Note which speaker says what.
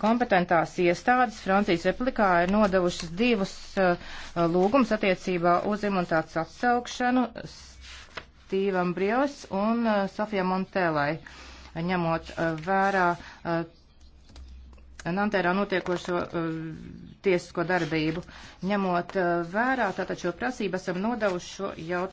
Speaker 1: kompetentās iestādes Francijas Republikā ir nodevušas divus uh, lūgumus attiecībā uz imunitātes atsaukšanu Stīvam Brios un uh, Sofijai Montēlai, ņemot uh, vērā uh, Nantērā notiekošo uh, tiesisko darbību. Ņemot uh, vērā tātad šo prasību, esam nodevuši šo jautājumu.